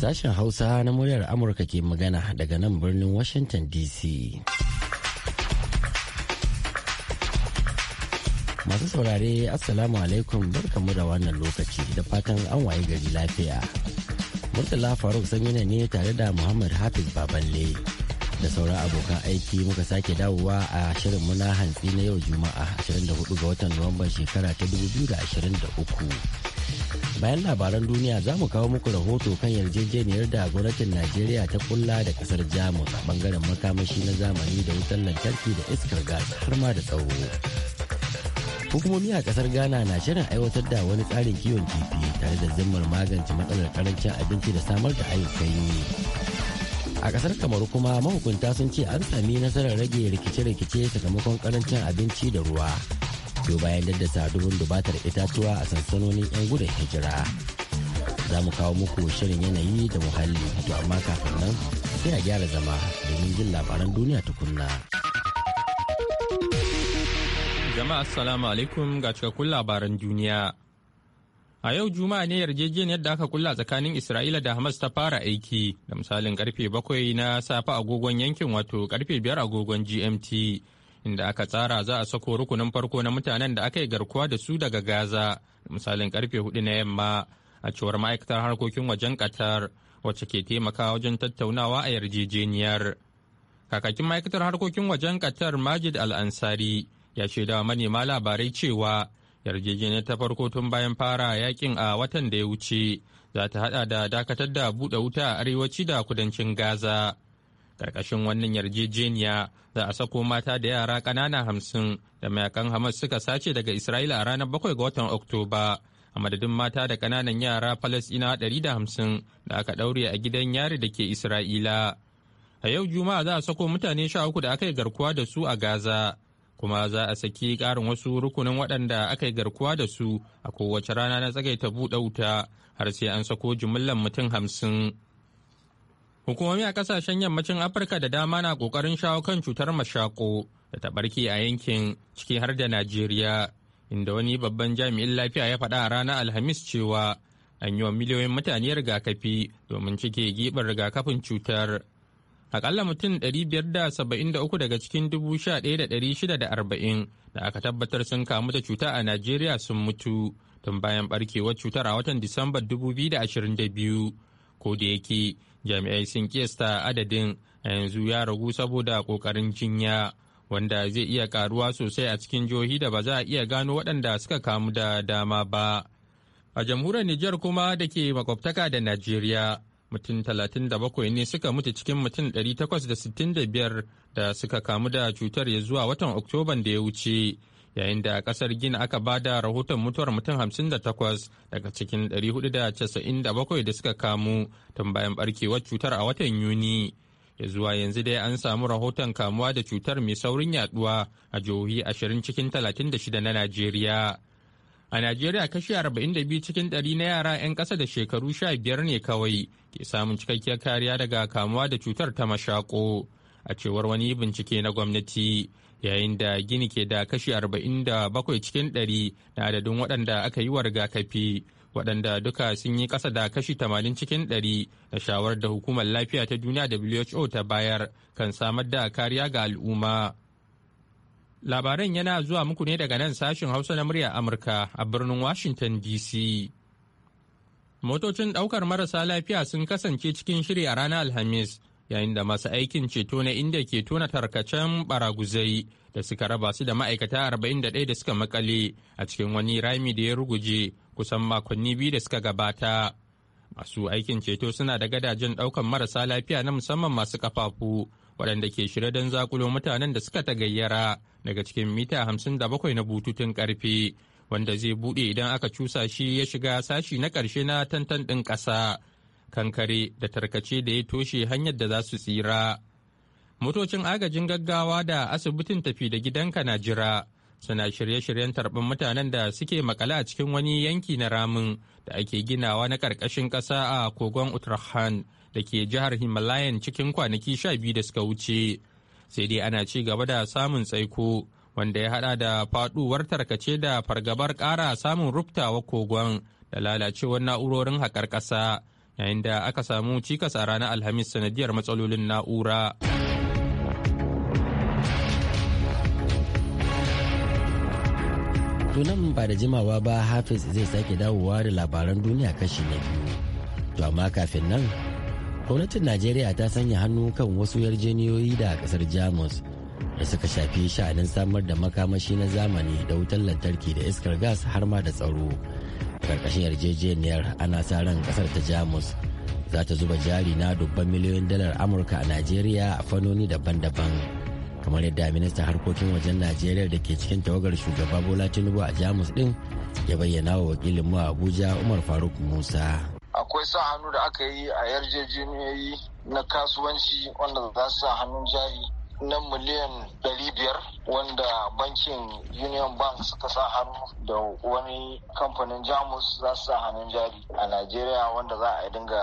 Sashen Hausa na muryar Amurka ke magana daga nan birnin Washington DC. Masu saurare Assalamu alaikum barkamu da wannan lokaci da fatan an waye gari lafiya. Murtala Faruk Sanyina ne tare da Muhammad Hafiz Baballe da sauran abokan aiki muka sake dawowa a shirin muna hantsi na yau Juma'a 24 ga watan Nuwamban shekara ta 2023. bayan labaran duniya za mu kawo muku rahoto kan yarjejeniyar da gwamnatin najeriya ta kulla da kasar jamus a bangaren makamashi na zamani da wutar lantarki da iskar gas har ma da tsawo hukumomi a kasar ghana na shirin aiwatar da wani tsarin kiwon kifi tare da zimmar magance matsalar karancin abinci da samar da ayyukan yi a kasar kamaru kuma mahukunta sun ce an sami nasarar rage rikice-rikice sakamakon karancin abinci da ruwa biyo bayan daddasa dubun dubatar itatuwa a sansanonin 'yan gudun hijira za mu kawo muku shirin yanayi da muhalli to amma kafin nan sai a gyara zama domin jin labaran duniya tukunna jama'a assalamu alaikum ga cikakkun labaran duniya a yau juma'a ne yarjejeniyar da aka kulla tsakanin isra'ila da hamas ta fara aiki da misalin karfe bakwai na safe agogon yankin wato karfe biyar agogon gmt inda aka tsara za a sako rukunin farko na mutanen da aka yi garkuwa da su daga Gaza misalin karfe hudu na yamma a cewar ma'aikatar harkokin wajen Qatar wacce ke taimakawa wajen tattaunawa a yarjejeniyar. Kakakin ma'aikatar harkokin wajen Qatar Majid Al-Ansari ya shaidawa manema labarai cewa yarjejeniyar ta farko tun bayan fara yakin a watan da ya wuce za ta hada da dakatar da buɗe wuta a arewaci da kudancin Gaza. Ƙarƙashin wannan yarjejeniya za a sako mata da yara ƙanana hamsin da mayakan Hamas suka sace daga Isra'ila a ranar bakwai ga watan Oktoba. A madadin mata da ƙananan yara Falasɗina ɗari da hamsin da aka ɗaure a gidan yari da ke Isra'ila. A yau Juma'a za a sako mutane sha uku da aka yi garkuwa da su a Gaza. kuma za a saki ƙarin wasu rukunin waɗanda aka yi garkuwa da su a kowace rana na tsagaita buɗe wuta har sai an sako jimillar mutum hamsin. Hukumomi a kasashen yammacin Afirka da dama na kokarin shawo kan cutar mashako da ta barke a yankin ciki har da Najeriya, inda wani babban jami'in lafiya ya faɗa a ranar Alhamis cewa an yi wa miliyoyin mutane rigakafi domin cike giɓin rigakafin cutar. Akalla mutum 573 daga cikin 11,640 da aka tabbatar sun kamu da cuta a Najeriya sun mutu tun bayan barkewar cutar a watan Disambar 2022. Ko da yake jami'ai sun kiyasta adadin a yanzu ya ragu saboda kokarin jinya wanda zai iya karuwa sosai a cikin jihohi da ba za a iya gano waɗanda suka kamu da dama ba a jamhuriyar nijar kuma da ke makwabtaka da najeriya mutum 37 ne suka mutu cikin mutum 865 da suka kamu da cutar ya zuwa watan oktoban da ya wuce yayin da kasar gina aka ba da rahoton mutuwar mutum 58 daga cikin 497 da suka kamu tun bayan barkewar cutar a watan yuni ya zuwa yanzu dai an samu rahoton kamuwa da cutar mai saurin yaduwa a jihohi 20 cikin 36 na najeriya a najeriya kashi 42 cikin 100 na yara 'yan ƙasa da shekaru 15 ne kawai ke samun cikakkiyar kariya daga kamuwa da cutar ta mashako. a cewar wani bincike na gwamnati yayin da gini ke da kashi 47 cikin 100 na adadin waɗanda aka yi wa rigakafi waɗanda duka sun yi ƙasa da kashi 80 cikin 100 na shawarar da hukumar lafiya ta duniya who ta bayar kan samar da kariya ga al'umma labaran yana zuwa muku ne daga nan sashin hausa na murya amurka a birnin washington dc motocin ɗaukar marasa lafiya sun kasance cikin shiri a ranar alhamis yayin da masu aikin ceto na inda ke tona tarkacen baraguzai da suka raba su da ma'aikata 41 da suka makale a cikin wani rami da ya ruguje kusan makonni biyu da suka gabata masu aikin ceto suna da gadajen daukan marasa lafiya na musamman masu kafafu waɗanda ke shirye don zakulo mutanen da suka tagayyara daga cikin mita hamsin da bakwai na bututun karfe wanda zai buɗe idan aka cusa shi ya shiga sashi na ƙarshe na tantan ɗin ƙasa kankare da tarkace da ya toshe hanyar da za su tsira motocin agajin gaggawa da asibitin tafi da gidanka na jira suna shirye-shiryen tarbin mutanen da suke makale a cikin wani yanki na ramin da ake ginawa na ƙarƙashin ƙasa a kogon uttarakhand da ke jihar himalayan cikin kwanaki sha biyu da suka wuce sai dai ana ci gaba da samun tsaiko wanda ya haɗa da faɗuwar tarkace da fargabar ƙara samun ruftawa kogon da lalacewar na'urorin haƙar ƙasa yayin da aka samu cikas a ranar alhamis sanadiyar matsalolin na'ura tunan ba da jimawa ba hafiz zai sake dawowa da labaran duniya kashi na biyu to amma kafin nan gwamnatin najeriya ta sanya hannu kan wasu yarjeniyoyi da kasar jamus da suka shafi sha'anin samar da makamashi na zamani da wutar lantarki da iskar gas har ma da tsaro karkashin yarjejeniyar ana sa ran kasar ta jamus za ta zuba jari na dubban miliyoyin dalar amurka a najeriya a fannoni daban-daban kamar yadda ministan harkokin wajen najeriya da ke cikin tawagar shugaba bola tinubu a jamus din ya bayyana wa wakilin mu abuja umar faruk musa akwai sa hannu da aka yi a yarjejeniyoyi na kasuwanci wanda za su sa hannun jari na miliyan biyar. wanda bankin union bank suka sa hannu da wani kamfanin jamus za su sa hannun jari a najeriya wanda za a dinga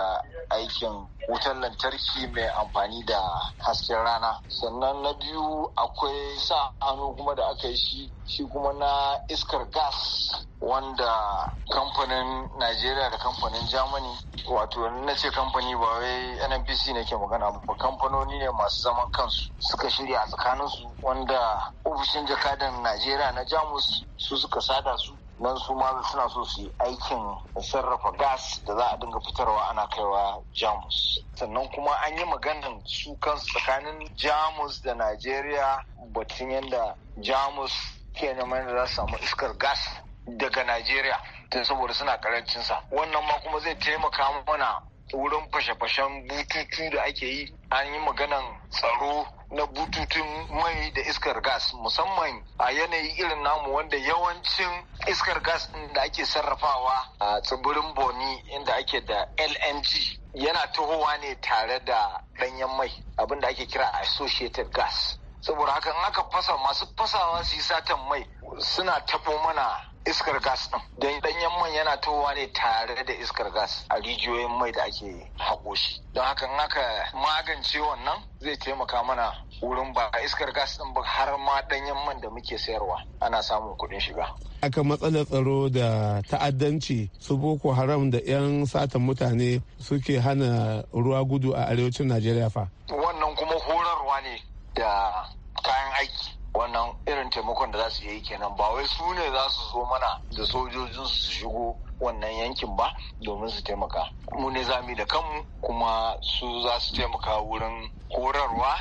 aikin wutar lantarki mai amfani da hasken rana sannan na biyu akwai sa hannu kuma da aka yi shi shi kuma na iskar gas wanda kamfanin najeriya da kamfanin germany wato na ce kamfani ba wai nnpc ne ke magana ba kamfanoni ne masu zaman kansu suka shirya tsakaninsu wanda ofishin jakadan najeriya na jamus su suka sada su nan su ma suna so su yi aikin sarrafa gas da za a dinga fitarwa ana kaiwa jamus sannan kuma an yi maganan su kansu tsakanin jamus da najeriya batun yadda jamus ke neman da za su samu iskar gas daga najeriya tun saboda suna karancinsa wannan ma kuma zai taimaka mana wurin fashe-fashen bututu da ake yi an yi maganan tsaro na bututun mai da iskar gas musamman a yanayi irin namu wanda yawancin iskar gas da ake sarrafawa a tsibirin boni inda ake da lng yana tahowa ne tare da ɗanyen mai abinda ake kira associated gas saboda haka in aka fasa masu fasawa su yi satan mai suna tafo mana iskar gas ɗin don ɗanyen man yana towa ne tare da iskar gas a rijiyoyin mai da ake haƙo shi don haka in magance wannan zai taimaka mana wurin ba iskar gas ɗin ba har ma ɗanyen man da muke sayarwa ana samun kuɗin shiga aka matsalar tsaro da ta'addanci su boko haram da 'yan satan mutane suke hana ruwa gudu a arewacin najeriya fa wannan kuma horarwa ne da kayan aiki wannan irin taimakon da za su yi kenan ba wai su ne za su zo mana da sojojin su shigo wannan yankin ba domin su taimaka mu ne za yi da kanmu kuma su za su taimaka wurin horarwa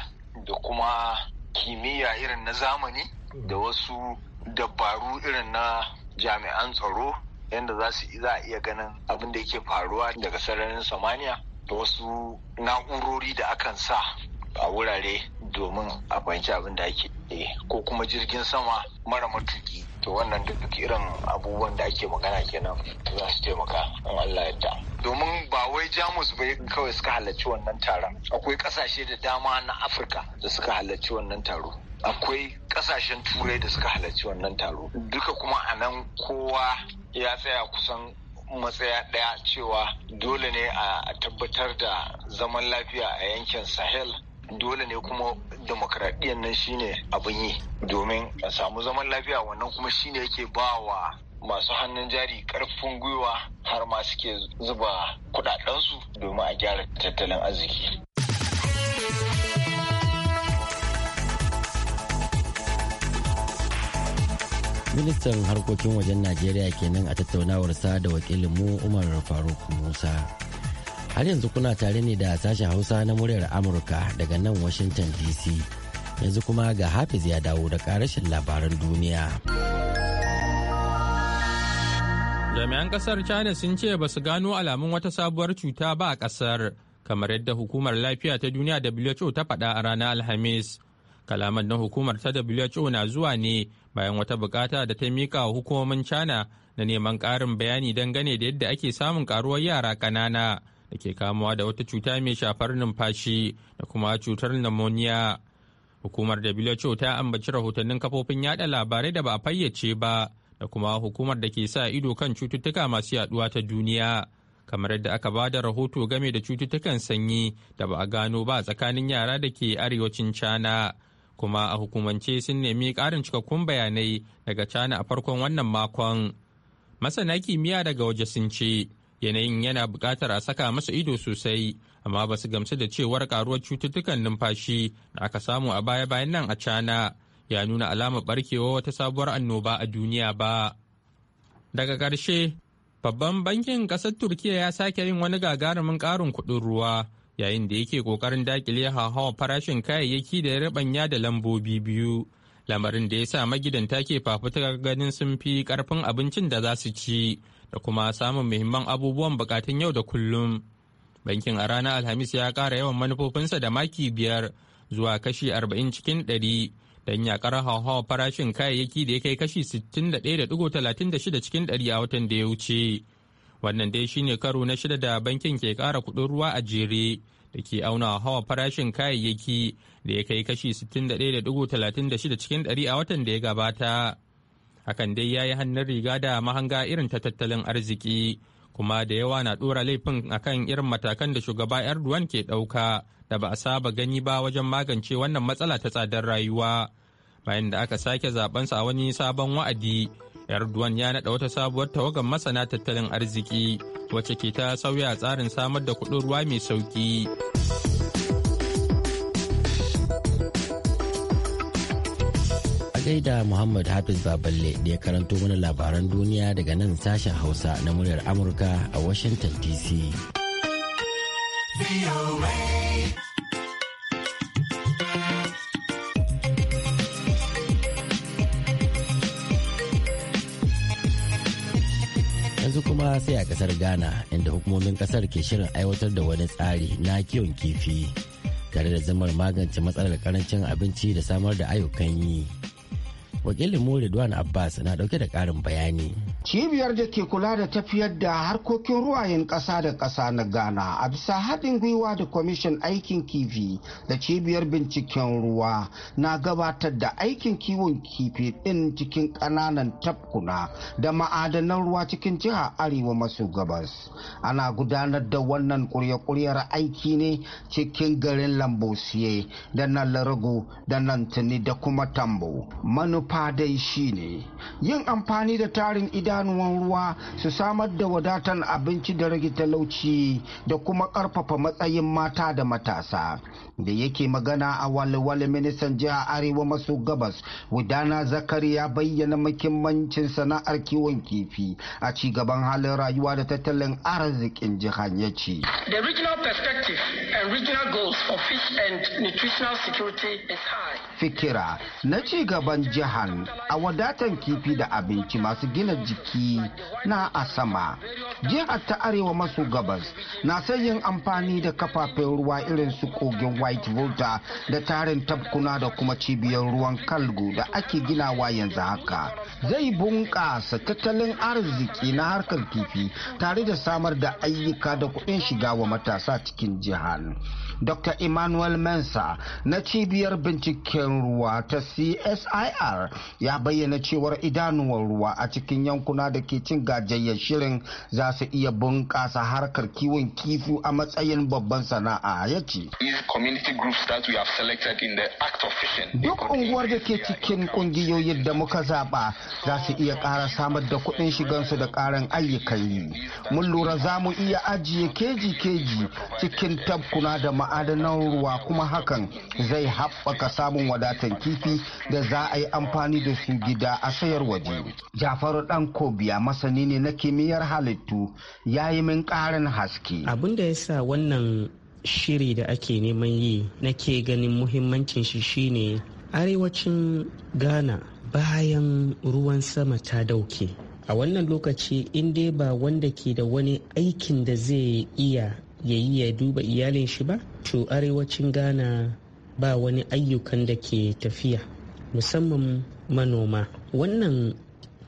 da kuma kimiyya irin na zamani da wasu dabaru irin na jami'an tsaro yadda za su za a iya ganin abin da yake faruwa daga sararin samaniya da wasu na'urori da akan sa a wurare domin a fahimci abin da ake eh, ko kuma jirgin sama mara matuki to wannan duk irin abubuwan da ake magana kenan za su taimaka in Allah yadda domin ba wai jamus bai kawai suka halarci wannan taron akwai kasashe da dama na afirka da suka halarci wannan taro akwai kasashen turai da suka halarci wannan taro duka kuma a nan kowa ya tsaya kusan matsaya ɗaya cewa dole ne a tabbatar da zaman lafiya a yankin sahel dole ne kuma demokradiyyar nan shine abin yi domin a samu zaman lafiya wannan kuma shine yake bawa masu hannun jari karfin gwiwa har ma suke zuba kudadensu domin a gyara tattalin arziki. ministan harkokin wajen najeriya kenan a tattaunawar sa da wakilinmu umar faruk musa har yanzu kuna tare ne da sashen hausa na muryar amurka daga nan washington dc yanzu kuma ga hafiz ya dawo da karashin labaran duniya jami'an kasar china sun ce ba su gano alamun wata sabuwar cuta ba a kasar kamar yadda hukumar lafiya ta duniya who ta faɗa a ranar alhamis kalaman na hukumar ta who na zuwa ne bayan wata bukata da ta mika wa hukumomin china na neman ƙarin bayani dangane da yadda ake samun karuwar yara ƙanana da ke kamuwa da wata cuta mai shafar numfashi da kuma cutar pneumonia. Hukumar WHO ta ambaci rahotannin kafofin yada labarai da ba a fayyace ba da kuma hukumar da ke sa ido kan cututtuka masu yaduwa ta duniya. Kamar yadda aka ba da rahoto game da cututtukan sanyi da ba a gano ba tsakanin yara da ke arewacin cana Kuma a hukumance sun nemi karin cikakkun bayanai daga cana a farkon wannan makon. Masana kimiyya daga waje sun ce yanayin yana bukatar a saka masa ido sosai amma ba su gamsu da cewar karuwar cututtukan numfashi da aka samu a baya-bayan nan a cana ya nuna alamar barkewa wata sabuwar annoba a duniya ba daga ƙarshe babban bankin ƙasar turkiya ya sake yin wani gagarumin ƙarin kuɗin ruwa yayin da yake ƙoƙarin daƙile hawa farashin kayayyaki da ya da lambobi biyu lamarin da ya sa magidanta ke fafutukar ganin sun fi karfin abincin da za su ci da kuma samun muhimman abubuwan bukatun yau da kullum bankin a ranar alhamis ya kara yawan manufofinsa da maki biyar zuwa kashi arba'in cikin ɗari don yakar hauhawar farashin kayayyaki da ya kai kashi sittin cikin ɗari a watan da ya wuce wannan dai shine karo na shida da bankin ke kara kuɗin ruwa a jere da ke auna hawa farashin kayayyaki da ya kai kashi 61.36 cikin 100 a watan da ya gabata. Hakan dai ya yi hannun riga da mahanga irin ta tattalin arziki, kuma da yawa na ɗora laifin akan irin matakan da shugaba Erdogan ke ɗauka da ba a saba gani ba wajen magance wannan matsala ta tsadar rayuwa. Bayan da aka sake zabensa a wani sabon wa'adi. Erdogan ya naɗa wata sabuwar tawagar masana tattalin arziki wacce ke ta sauya tsarin samar da kuɗin ruwa mai sauki. gaida Muhammad Hafiz Baballe da ya karanto mana labaran duniya daga nan sashen Hausa na muryar Amurka a Washington DC. sai a kasar ghana inda hukumomin kasar ke shirin aiwatar da wani tsari na kiwon kifi tare da zamar magance matsalar karancin abinci da samar da ayyukan yi wakilin mu Abbas na dauke da karin bayani cibiyar da ke kula da tafiyar da harkokin ruwayen ƙasa da ƙasa na ghana a bisa haɗin gwiwa da kwamishin aikin kifi da cibiyar binciken ruwa na gabatar da aikin kiwon kifi ɗin cikin ƙananan tafkuna da ma'adanan ruwa cikin jiha arewa maso gabas ana gudanar da wannan ƙuryar aiki ne cikin garin lambosiye da nan larago da nan tuni da kuma tambo manufa dai shine yin amfani da tarin ida idanuwan ruwa su samar da wadatar abinci da rage talauci da kuma karfafa matsayin mata da matasa da yake magana a walwale ministan jihar arewa maso gabas gudana zakari ya bayyana muhimmancin sana'ar kiwon kifi a ci gaban halin rayuwa da tattalin arzikin jihar ya ce the regional perspective and regional goals of fish and nutritional security is high fikira na ci gaban jihan a wadatan kifi da abinci masu gina jiki na a sama jihar ta arewa maso gabas na yin amfani da kafafen ruwa irin su kogin white volta da tarin tabkuna da kuma cibiyar ruwan kalgo da ake ginawa yanzu haka zai bunƙasa tattalin arziki na harkar kifi tare da samar da ayyuka da kuɗin shiga wa matasa cikin jihar dr emmanuel mensa na cibiyar binciken ministan ruwa ta csir ya bayyana cewar idanuwar ruwa a cikin yankuna da ke cin gajayyar shirin za su iya bunƙasa harkar kiwon kifi a matsayin babban sana'a ya ce duk unguwar da ke cikin kungiyoyin da muka zaɓa za su iya ƙara samar da kuɗin shigansu da ƙarin ayyukan yi mun lura za mu iya ajiye keji-keji cikin tabkuna da ma'adanan ruwa kuma hakan zai haɓaka samun wadatan kifi da za a yi amfani da su gida a sayar waje. Jafaru ɗan Kobiya masani ne na kimiyyar halittu ya yi min ƙarin haske. Abin da ya sa wannan shiri da ake neman yi nake ganin muhimmancin shi shine arewacin Ghana bayan ruwan sama ta dauke. A wannan lokaci in dai ba wanda ke da wani aikin da zai iya ya ya duba iyalin shi ba to arewacin ghana ba wani ayyukan da ke tafiya musamman manoma wannan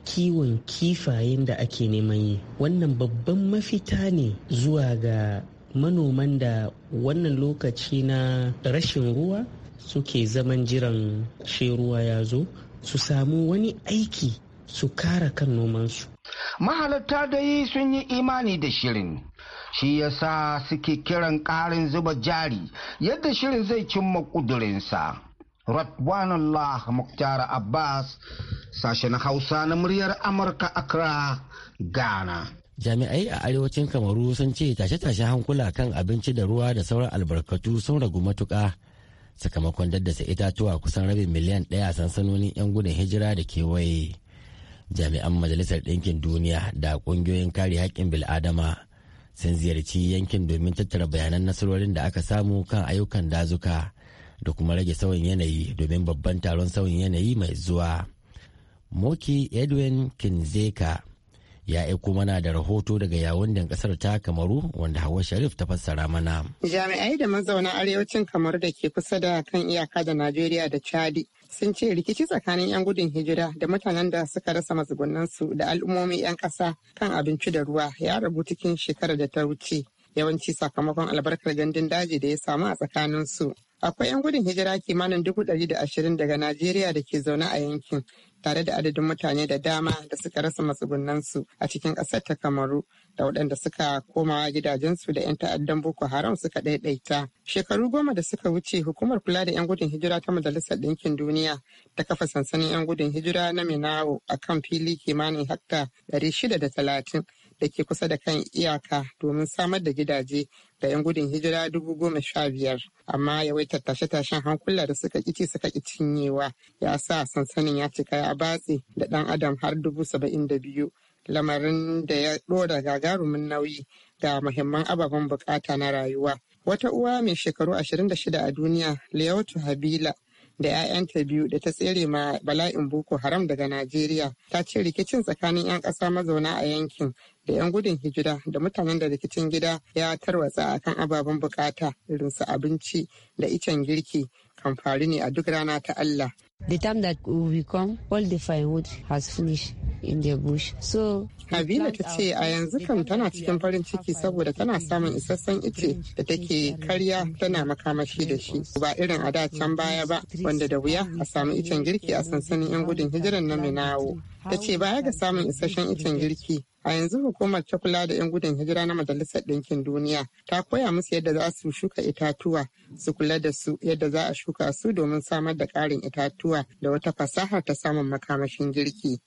kiwon kifayen da ake neman yi wannan babban mafita ne zuwa ga manoman da wannan lokaci na rashin ruwa suke zaman jiran shi ruwa ya zo su samu wani aiki su kara kan nomansu mahalarta dai sun yi imani da shirin shi ya sa suke kiran ƙarin zuba jari yadda shirin zai cimma ƙudurinsa. allah Muktar Abbas sashen Hausa na muryar Amurka Accra, Ghana. Jami'ai a arewacin Kamaru sun ce tashe-tashen hankula kan abinci da ruwa da sauran albarkatu sun ragu matuka sakamakon daddasa itatuwa kusan rabin miliyan ɗaya sansanonin 'yan gudun hijira da kewaye. Jami'an Majalisar Ɗinkin Duniya da ƙungiyoyin kare haƙƙin bil'adama sun ziyarci yankin domin tattara bayanan nasarorin da aka samu kan ayyukan dazuka da kuma rage sauyin yanayi domin babban taron sauyin yanayi mai zuwa. Moki Edwin Kinzeka ya aiko mana da rahoto daga yawunden kasar ta kamaru wanda hawa sharif ta fassara mana jami'ai da mazauna arewacin kamaru da ke kusa da kan iyaka da najeriya da chadi sun ce rikici tsakanin 'yan gudun hijira da mutanen da suka rasa matsugunansu da al'ummomin 'yan ƙasa kan abinci da ruwa ya rabu cikin shekarar da ta wuce yawanci sakamakon albarkar gandun daji da ya samu a tsakaninsu. Akwai 'yan gudun hijira kimanin dubu ɗari da ashirin daga Najeriya da ke zaune a yankin tare da adadin mutane da dama da suka rasa matsugunansu a cikin ƙasar ta Kamaru da waɗanda suka komawa gidajensu da 'yan ta'addan Boko Haram suka ɗaiɗaita. Shekaru goma da suka wuce hukumar kula da 'yan gudun hijira ta Majalisar Ɗinkin Duniya ta kafa sansanin 'yan gudun hijira na Minawo a kan fili kimanin shida da talatin da ke kusa da kan iyaka domin samar da gidaje da 'yan gudun hijira dubu goma sha biyar amma yawaitar tashe-tashen hankula da suka ƙici suka ƙi cinyewa ya sa sansanin ya cika ya batse da ɗan adam har dubu saba'in da biyu lamarin da ya ɗora gagarumin nauyi da muhimman ababen bukata na rayuwa wata uwa mai shekaru shida a duniya Leotu Habila da 'ya'yanta biyu da ta tsere ma bala'in Boko Haram daga Najeriya ta ce rikicin tsakanin 'yan ƙasa mazauna a yankin da 'yan gudun hijira da mutanen da rikicin gida ya tarwatsa a kan ababen bukata irin su abinci da icen girki kan faru ne a duk rana ta Allah. The time that we come, all the firewood has finished. India bush. So Habila ta ce a yanzu kam tana cikin farin ciki saboda tana samun isassan ice da take karya tana makamashi da shi ba irin a da can baya ba wanda da wuya a samu icen girki a sansanin 'yan gudun hijiran na Minawo. Ta ce baya ga samun isasshen icen girki a yanzu hukumar ta kula da 'yan gudun hijira na majalisar ɗinkin duniya ta koya musu yadda za su shuka itatuwa su kula da su yadda za a shuka su domin samar da ƙarin itatuwa da wata fasaha ta samun makamashin girki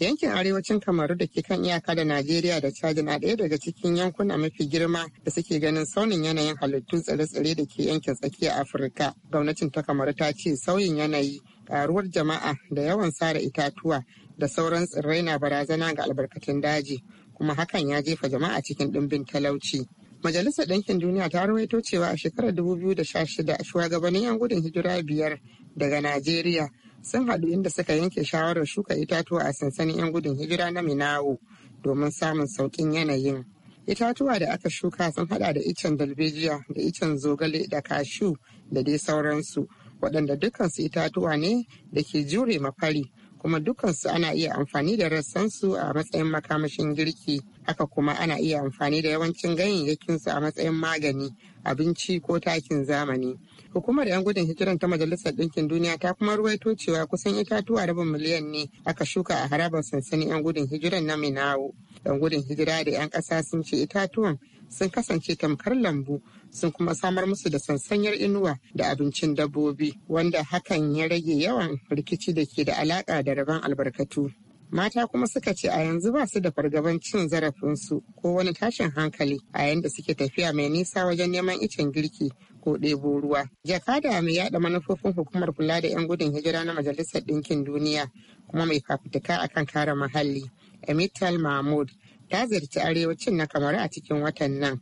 Yankin arewacin Kamaru da ke kan iyaka da Najeriya da Chad na daya daga cikin yankuna mafi girma da suke ganin saunin yanayin halittun tsire-tsire da ke yankin tsakiyar Afirka. Gwamnatin ta Kamaru ta ce sauyin yanayi, karuwar jama'a da yawan sare itatuwa da sauran tsirrai na barazana ga albarkatun daji, kuma hakan ya jefa jama'a cikin ɗimbin talauci. Majalisar Ɗinkin Duniya ta rawaito cewa a shekarar 2016 shugabannin 'yan gudun hijira biyar daga Najeriya sun haɗu inda suka yanke shawarar shuka itatuwa a sansanin 'yan gudun hijira na Minawo domin samun sauƙin yanayin. Itatuwa da aka shuka sun haɗa da icen dalbejiya da icen zogale da kashu da dai sauransu waɗanda dukansu itatuwa ne da ke jure mafari kuma dukansu ana iya amfani da rassansu a matsayin makamashin girki haka kuma ana iya amfani da yawancin ganyayyakinsu a matsayin magani abinci ko takin zamani. Hukumar 'yan gudun hijiran ta Majalisar Ɗinkin Duniya ta kuma ruwaito cewa kusan itatuwa rabin miliyan ne aka shuka a harabar sansanin 'yan gudun hijiran na Minawo. 'Yan gudun hijira da 'yan ƙasa sun ce itatuwan sun kasance tamkar lambu sun kuma samar musu da sansanyar inuwa da abincin dabbobi wanda hakan ya rage yawan rikici da ke da alaƙa da rabon albarkatu. mata kuma suka ce a yanzu ba su da fargaban cin zarafinsu ko wani tashin hankali a yayin suke tafiya mai nisa wajen neman icen girki ko ɗebo ruwa. Jakada mai yada manufofin hukumar kula da 'yan gudun hijira na Majalisar Ɗinkin Duniya kuma mai fafutuka kan kare muhalli, Emital Mahmud, ta ziyarci arewacin na kamaru a cikin watan nan.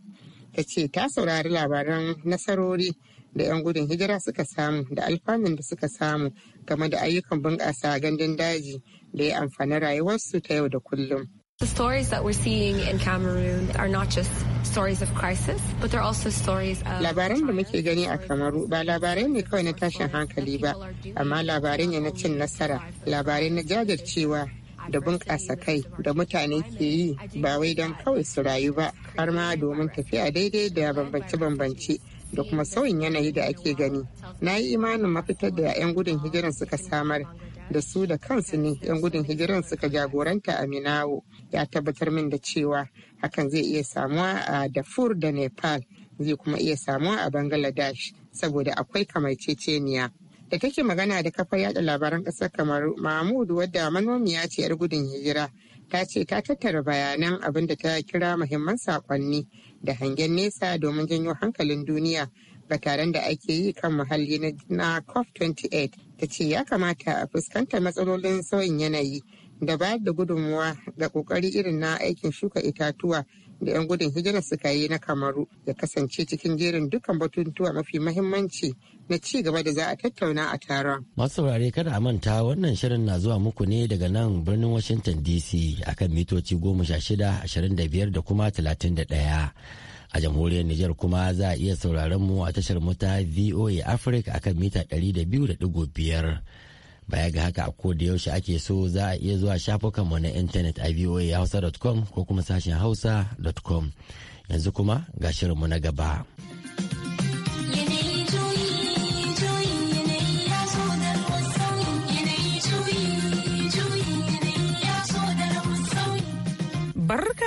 Ta ce ta saurari labaran nasarori da 'yan gudun hijira suka samu da alfanun da suka samu game da ayyukan bunƙasa gandun daji da ya amfani rayuwarsu ta yau da kullum. The stories that we're seeing in Cameroon are not just stories of crisis, but they're also stories of... Labaran da muke gani a Kamaru ba labarai ne kawai na tashin hankali ba, amma labarai ne na cin nasara, labarai na jajircewa da bunƙasa kai da mutane ke yi ba wai don kawai su rayu ba, har ma domin tafiya daidai da bambance-bambance da kuma sauyin yanayi da ake gani. Na yi imanin mafitar da 'yan gudun hijiran suka samar da su da kansu ne 'yan gudun hijiran suka jagoranta a Minawo ya tabbatar min da cewa hakan zai iya samuwa a Darfur da Nepal zai kuma iya samuwa a Bangladesh saboda akwai kamar ceceniya. Da take magana da kafa yada labaran ƙasar kamar Mahmud wadda manomiya ce 'yar gudun hijira ta ce ta tattara bayanan abin da ta kira muhimman saƙonni da hangen nesa domin janyo hankalin duniya ga taron da ake yi kan muhalli na COP28 ta ce ya kamata a fuskanta matsalolin sauyin yanayi da bayar da gudunmuwa ga kokari irin na aikin shuka itatuwa da 'yan gudun hijira suka yi na kamaru ya kasance cikin jerin dukkan batutuwa mafi mahimmanci na ci gaba da za a tattauna a taron. Masu saurare kada a manta wannan shirin na zuwa muku ne daga nan birnin Washington DC akan mitoci goma sha shida ashirin da biyar da kuma talatin da a jamhuriyar Nijar kuma za a iya sauraron mu a tashar muta VOA Africa akan mita 200.5 baya ga haka a da yaushe ake so za a iya zuwa shafukan mu na intanet a voahausa.com ko kuma sashen hausa.com yanzu kuma ga shirinmu na gaba.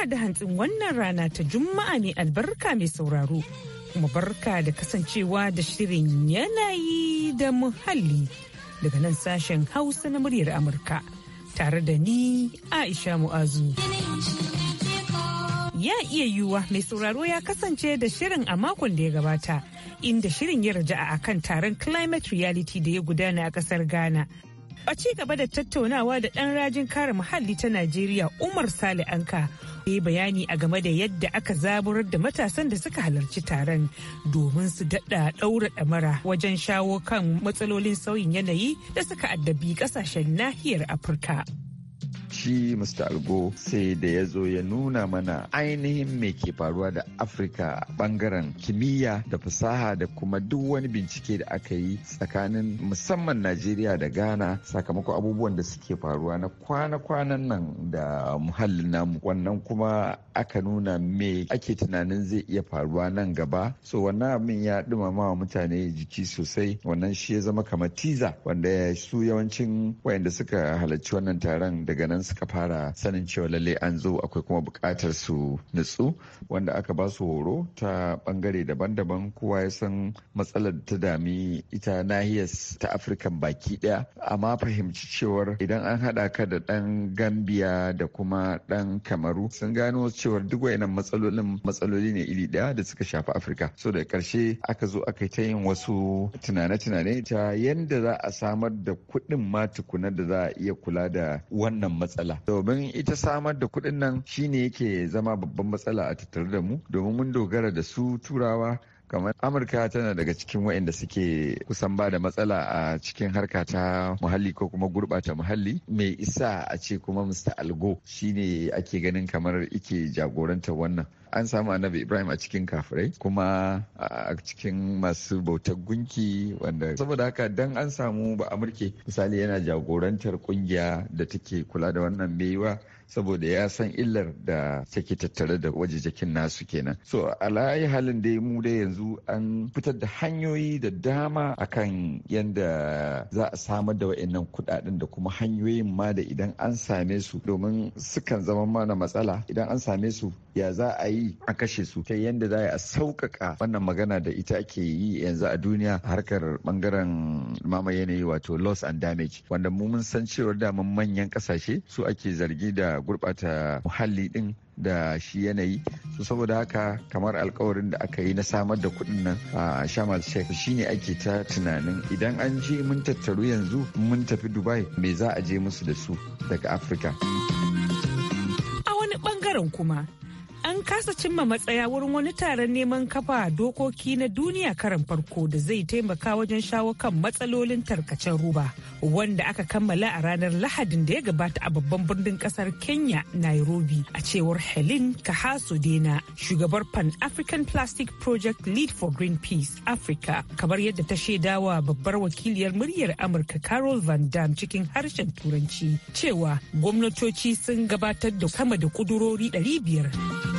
da hantsin wannan rana ta Juma'a ne albarka mai sauraro. Kuma barka da kasancewa da shirin yanayi da muhalli daga nan sashen Hausa na muryar Amurka tare da ni Aisha Mu'azu. Ya iya yiwuwa mai sauraro ya kasance da shirin a makon da ya gabata inda shirin ya a akan taron climate reality da ya gudana a kasar Ghana. a ci gaba da tattaunawa da ɗan rajin kare muhalli ta najeriya umar sale anka yi bayani a game da yadda aka zaburar da matasan da suka halarci taron domin su daɗa ɗaura ɗamara wajen shawo kan matsalolin sauyin yanayi da suka addabi ƙasashen nahiyar afirka shi Mr. Algo sai da ya zo ya nuna mana ainihin me ke faruwa da Afirka bangaren kimiyya da fasaha da kuma duk wani bincike da aka yi tsakanin musamman Najeriya da Ghana sakamakon abubuwan da suke faruwa na kwana-kwanan nan da muhallin namu wannan kuma aka nuna me ake tunanin zai iya faruwa nan gaba so wannan abin ya dumama wa mutane jiki sosai wannan shi ya zama kamar tiza wanda su yawancin wayanda suka halarci wannan taron daga nan suka fara sanin cewa lalle an zo akwai kuma bukatar su nutsu wanda aka ba su horo ta bangare daban-daban kowa ya san matsalar ta dami ita nahiyar ta afirka baki ɗaya amma fahimci cewar idan an haɗa ka da ɗan gambia da kuma ɗan kamaru sun gano cewar duk wayannan matsalolin matsaloli ne iri daya da suka shafi afirka so da karshe aka zo aka ta yin wasu tunane-tunane ta yadda za a samar da kuɗin ma tukuna da za a iya kula da wannan matsala matsala domin ita samar da kuɗin nan shine yake zama babban matsala a tattare da mu domin mun dogara da su turawa kamar amurka tana daga cikin waɗanda suke kusan ba da matsala a cikin harka ta muhalli ko kuma gurɓata muhalli mai isa a ce kuma mr algo shine ake ganin kamar ike jagorantar wannan an samu annabi ibrahim a cikin kafirai kuma a cikin masu bautar gunki wanda saboda haka dan an samu ba amurke misali yana jagorantar kungiya da take kula da wannan baiwa saboda ya san illar da take tattare da wajejakin nasu kenan so alayi halin dai mu dai yanzu an fitar da hanyoyi da dama akan yadda za a samar da wa'annan kudaden da kuma hanyoyin ma da idan an same su domin sukan zama mana matsala idan an same su ya za a yi a kashe su ta yadda za a sauƙaƙa wannan magana da ita ake yi yanzu a duniya harkar bangaren mama yanayi wato loss and damage wanda mu mun san cewar daman manyan kasashe su ake zargi da gurɓata muhalli ɗin da shi yanayi su saboda haka kamar alkawarin da aka yi na samar da kuɗin nan a shamal sheikh shine ake ta tunanin idan an je mun tattaru yanzu mun tafi dubai me za a je musu da su daga afirka a wani bangaren kuma an kasa cimma matsaya wurin wani taron neman kafa dokoki na duniya karan farko da zai taimaka wajen shawo kan matsalolin tarkacen ruba wanda aka kammala a ranar lahadin da ya gabata a babban birnin kasar kenya nairobi a cewar helen kahaso dena shugabar pan african plastic project lead for green greenpeace africa kamar yadda ta shaidawa babbar wakiliyar muryar amurka carol van dam cikin harshen turanci cewa gwamnatoci sun gabatar da sama da kudurori 500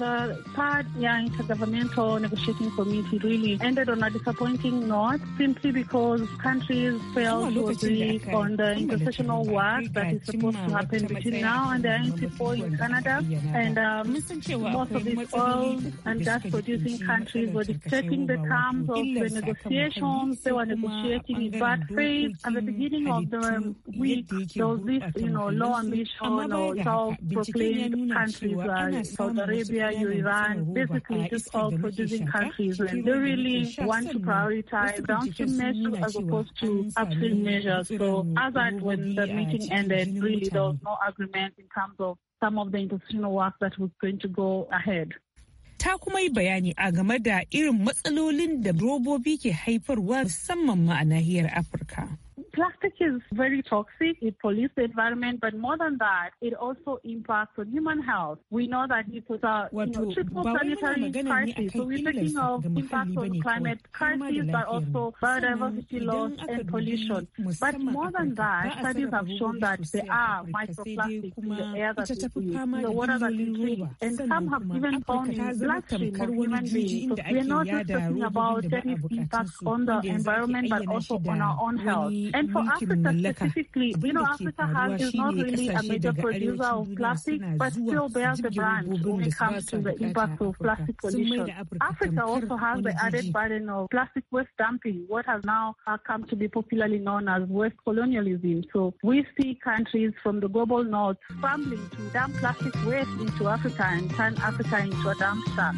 The third year intergovernmental negotiating committee really ended on a disappointing note simply because countries failed to agree on the institutional work that is supposed to happen between now and the of 4 in Canada. And um, most of these oil and gas producing countries were dictating the terms of the negotiations. They were negotiating in bad faith. At the beginning of the week, there was this, you know, low ambition or self-proclaimed countries like Saudi Arabia, Iran, basically just all producing countries, they really want to prioritize downstream measures as opposed to upstream measures. So as at when the meeting ended, really there was no agreement in terms of some of the institutional work that was going to go ahead. ta kuma yi bayani a game da irin matsalolin da robobi ke haifarwa musamman ma a nahiyar Afirka plastic is very toxic. It pollutes the environment, but more than that, it also impacts on human health. We know that it was a you know, triple planetary crisis. So we're talking of impact on climate crisis, but also biodiversity loss and pollution. But more than that, studies have shown that there are microplastics in the air that we breathe, in the water that we drink, and some have even found in bloodstream of human beings. So we're not just talking about any impacts on the environment, but also on our own health. And for Africa specifically, we know Africa has, is not really a major producer of plastic, but still bears the brand when it comes to the impact of plastic pollution. Africa also has the added burden of plastic waste dumping, what has now come to be popularly known as waste colonialism. So we see countries from the global north scrambling to dump plastic waste into Africa and turn Africa into a dump site.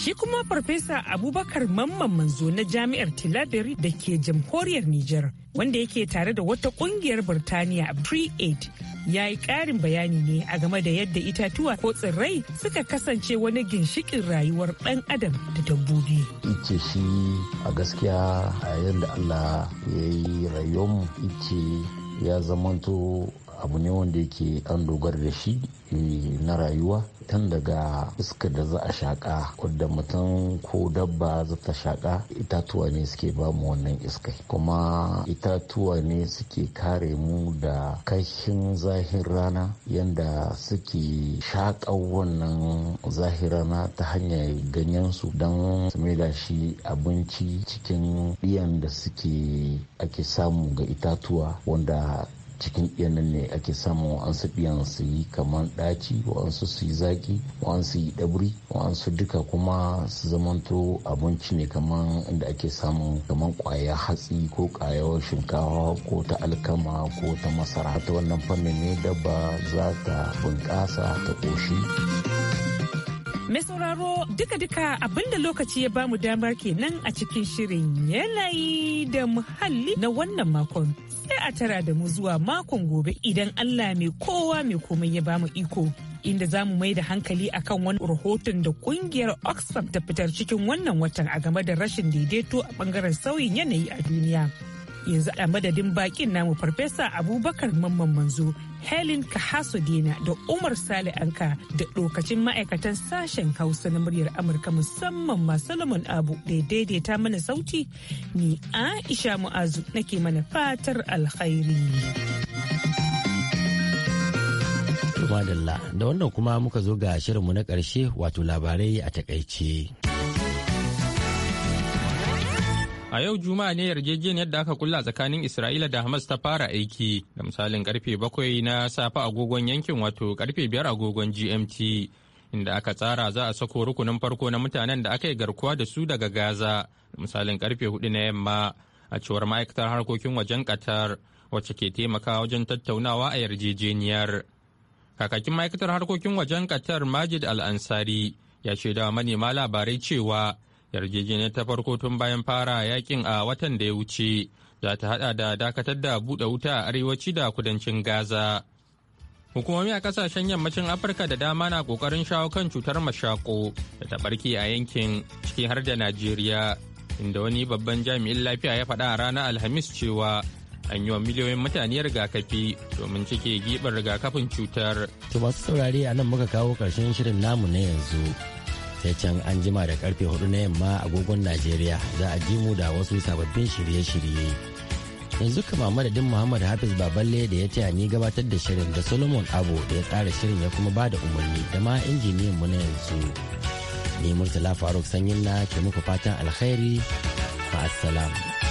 Shi kuma Farfesa Abubakar Mamman Manzo na Jami'ar Tilabiri da ke jamhuriyar Nijar, wanda yake tare da wata kungiyar Birtaniya Pre-Aid, ya yi ƙarin bayani ne a game da yadda itatuwa ko tsirrai suka kasance wani ginshikin rayuwar ɗan adam da dabbobi. Ice shi a gaskiya a yadda Allah ya yi rayuwar ice ya zamanto abu ne wanda yake an dogara da shi eh, na rayuwa tun daga iska da za a shaƙa wadda mutum ko dabba za ta shaƙa itatuwa ne suke ba mu wannan iskai kuma itatuwa ne suke kare mu da kashin zahin rana yanda suke shaƙa wannan zahin rana ta hanyar ganyensu don su maida shi abinci cikin ɗiyan da suke ake samu ga itatuwa wanda cikin iyanan ne ake samun wa'ansu biyan su yi kamar ɗaci wa'ansu su yi zaki wa'ansu yi ɗabri wa'ansu duka kuma su zamanto abinci ne kamar inda ake samu kamar kwaya hatsi ko kwayar shinkawa ko ta alkama ko ta masara ta wannan fannin ne dabba za ta bunƙasa ta ƙoshi. Mai sauraro duka-duka abinda lokaci ya bamu damar kenan a cikin shirin yanayi da muhalli na wannan makon. Sai a tara da mu zuwa makon gobe idan Allah mai kowa mai komai ya bamu iko. Inda za mu mai da hankali akan wani rahoton da kungiyar Oxfam ta fitar cikin wannan watan a game da rashin daidaito a bangaren sauyin yanayi a duniya. Yanzu a madadin bakin namu Farfesa Abubakar Mamman Manzo Helen Kahasodina da Umar Sale Anka da lokacin ma'aikatan sashen Hausa na muryar Amurka musamman ma Solomon Abu da ya daidaita mana sauti ni Aisha Mu'azu nake mana fatar alkhairi. Madalla da wannan kuma muka zo ga shirinmu na ƙarshe wato labarai a takaice. A yau Juma'a ne yarjejeniyar da aka kulla tsakanin Isra'ila da Hamas ta fara aiki da misalin karfe bakwai na safe agogon yankin wato karfe biyar agogon GMT inda aka tsara za a sako rukunin farko na mutanen da aka yi garkuwa da su daga Gaza da misalin karfe hudu na yamma a cewar ma'aikatar harkokin wajen Qatar wacce ke taimakawa wajen tattaunawa a yarjejeniyar. Kakakin ma'aikatar harkokin wajen Qatar Majid Al-Ansari ya shaidawa manema labarai cewa yarjejeniyar ta farko tun bayan fara yakin a watan da ya wuce za ta hada da dakatar da buɗe wuta a arewaci da kudancin gaza hukumomi a kasashen yammacin afirka da dama na kokarin shawo kan cutar mashako da ta barke a yankin ciki har da najeriya inda wani babban jami'in lafiya ya faɗa a ranar alhamis cewa an yi wa miliyoyin mutane rigakafi domin cike giɓar rigakafin cutar. To masu saurare a nan muka kawo karshen shirin namu na yanzu sai can an jima da karfe hudu na yamma agogon najeriya za a ji mu da wasu sababbin shirye-shirye yanzu kama madadin muhammad hafiz baballe da ya taya ni gabatar da shirin da solomon abu da ya tsara shirin ya kuma ba da umarni da ma injiniyan mu na yanzu ni murtala faruk sanyin na ke muku fatan alkhairi ma'assalam.